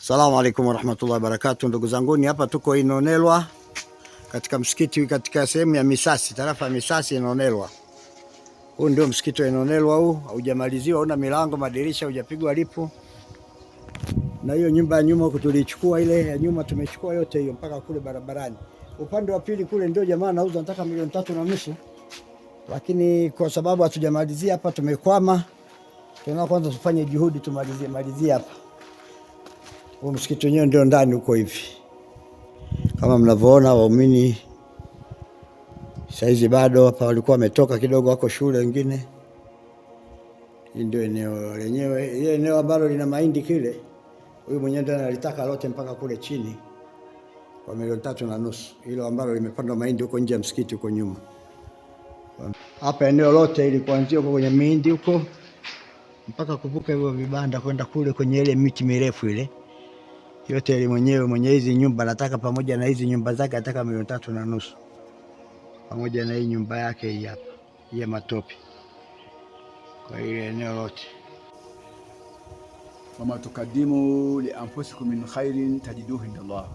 Salamu alaikum warahmatullahi wabarakatu, ndugu zangu, hapa tuko Inonelwa katika msikiti katika sehemu ya Misasi, tarafa ya Misasi Inonelwa. Huu ndio msikiti wa Inonelwa, huu haujamaliziwa, una milango, madirisha, hujapigwa lipu. Na hiyo nyumba ya nyuma huko tulichukua, ile ya nyuma tumechukua yote hiyo mpaka kule barabarani. Upande wa pili kule ndio jamaa anauza, nataka milioni tatu na nusu, lakini kwa sababu hatujamalizia hapa tumekwama. Tuna kwanza tufanye juhudi tumalizie malizie hapa. Huu msikiti wenyewe ndio ndani huko hivi, kama mnavyoona waumini saizi bado hapa, walikuwa wametoka kidogo, wako shule wengine. Hii ndio eneo lenyewe, ile eneo ambalo lina mahindi kile, huyu mwenyewe ndio analitaka lote mpaka kule chini kwa milioni tatu na nusu, hilo ambalo limepandwa mahindi huko nje ya msikiti huko nyuma. Hapa eneo lote ili kuanzia huko kwenye mahindi huko mpaka kuvuka hivyo vibanda kwenda kule kwenye ile miti mirefu ile yote ile mwenyewe mwenye hizi nyumba, nataka pamoja na hizi nyumba zake nataka milioni tatu na nusu pamoja na hii nyumba yake hii hapa ya matope kwa ile eneo lote. wama tukadimu li anfusikum min khairin tajiduhu indallah,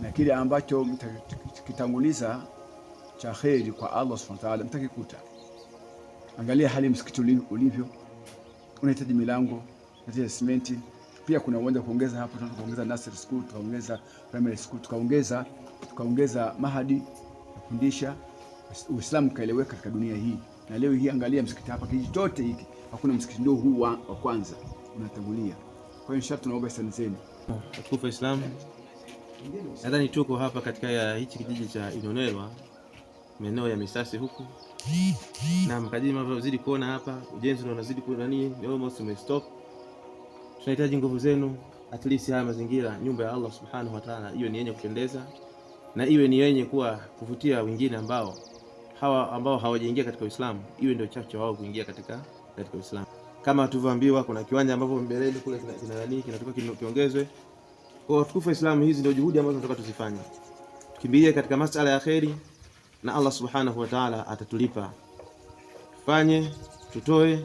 na kile ambacho mtakitanguliza cha kheri kwa Allah subhanahu wa ta'ala mtakikuta. Angalia hali msikiti ulivyo, unahitaji milango, unahitaji simenti pia kuna uwanja kuongeza hapo, tunataka kuongeza nursery school, tukaongeza primary school, tukaongeza tukaongeza mahadi kufundisha Uislamu kaeleweka katika dunia hii. Na leo hii angalia msikiti hapa kijiji chote hiki, hakuna msikiti ndio huu wa, wa kwanza unatangulia. Kwa hiyo inshallah tunaomba hisani zenu. Watukufu Islam, nadhani tuko hapa katika ya hichi kijiji cha Inonelwa maeneo ya Misasi huku na kadiri mnavyozidi kuona hapa ujenzi unazidi kuwa kunani, almost umestop tunahitaji nguvu zenu, at least haya mazingira, nyumba ya Allah subhanahu wa ta'ala, iwe ni yenye kupendeza na iwe ni yenye kuwa kuvutia wengine ambao hawa ambao hawajaingia katika Uislamu, iwe ndio chachu wao kuingia katika katika Uislamu. Kama tulivyoambiwa, kuna kiwanja ambapo mbeleni kule kina nani kinatoka kiongezwe. Kwa watukufu wa Islamu, hizi ndio juhudi ambazo tunataka tuzifanye, tukimbilie katika masuala ya kheri na Allah subhanahu wa ta'ala atatulipa. Tufanye, tutoe,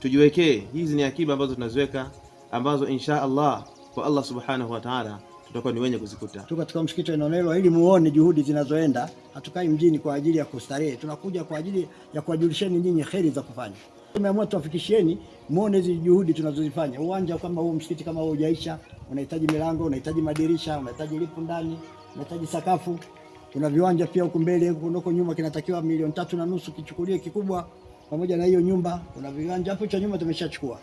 tujiwekee. Hizi ni akiba ambazo tunaziweka ambazo insha Allah kwa Allah subhanahu wa ta'ala tutakuwa ni wenye kuzikuta. Tuko katika msikiti wa Nonelo ili muone juhudi zinazoenda. Hatukai mjini kwa ajili ya kustarehe, tunakuja kwa ajili ya kuwajulisheni nyinyi heri za kufanya. Tumeamua tuwafikishieni muone hizi juhudi tunazozifanya. Uwanja kama huu, msikiti kama huu hujaisha, unahitaji milango, unahitaji madirisha, unahitaji lipu ndani, unahitaji sakafu. Kuna viwanja pia huko mbele, huko nyuma kinatakiwa milioni tatu na nusu kichukulie kikubwa, pamoja na hiyo nyumba. Kuna viwanja hapo cha nyuma tumeshachukua,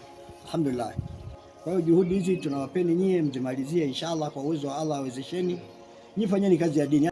alhamdulillah. Kwa hiyo juhudi hizi tunawapeni nyie, mzimalizie inshallah, kwa uwezo wa Allah awezesheni, nyie fanyeni kazi ya dini.